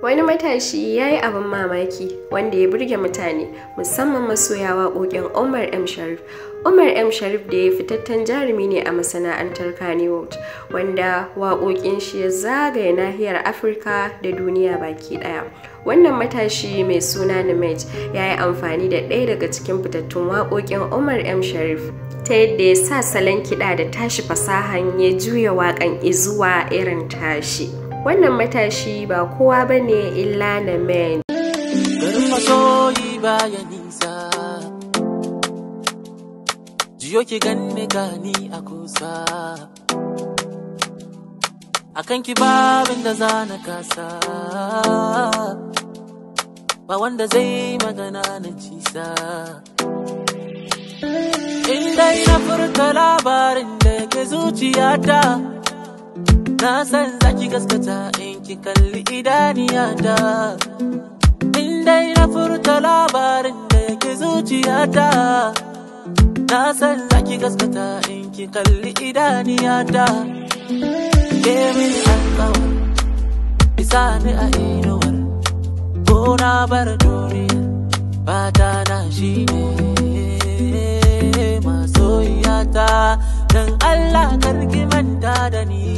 Wani matashi ya yi abin mamaki wanda ya burge mutane musamman masoya waƙoƙin Umar M. Sharif. Umar M. Sharif da ya fitattun jarumi ne a masana'antar Kannywood wanda waƙoƙin shi ya zagaya nahiyar Afirka da duniya baki ɗaya. Wannan matashi mai suna Nimet ya yi amfani da ɗaya daga cikin fitattun waƙoƙin Umar M. Sharif ta yadda ya sa salon kiɗa da tashi fasahan ya juya waƙan izuwa irin tashi. wannan matashi ba kowa ba ne illa na men Yoke masoyi baya nisa jiyo ki gani a kusa akan ki babin da zana kasa ba wanda zai magana na cisa inda na furta labarin da ke zuciyata na san ki gaskata in ki kalli idaniyata in dai na furta labarin da yake zuciyata na san za ki gaskata in ki kalli idaniyata ke min alƙawar isa ni a inuwar ko na bar duniya fata na shi ne masoyiyata dan Allah karki manta da ni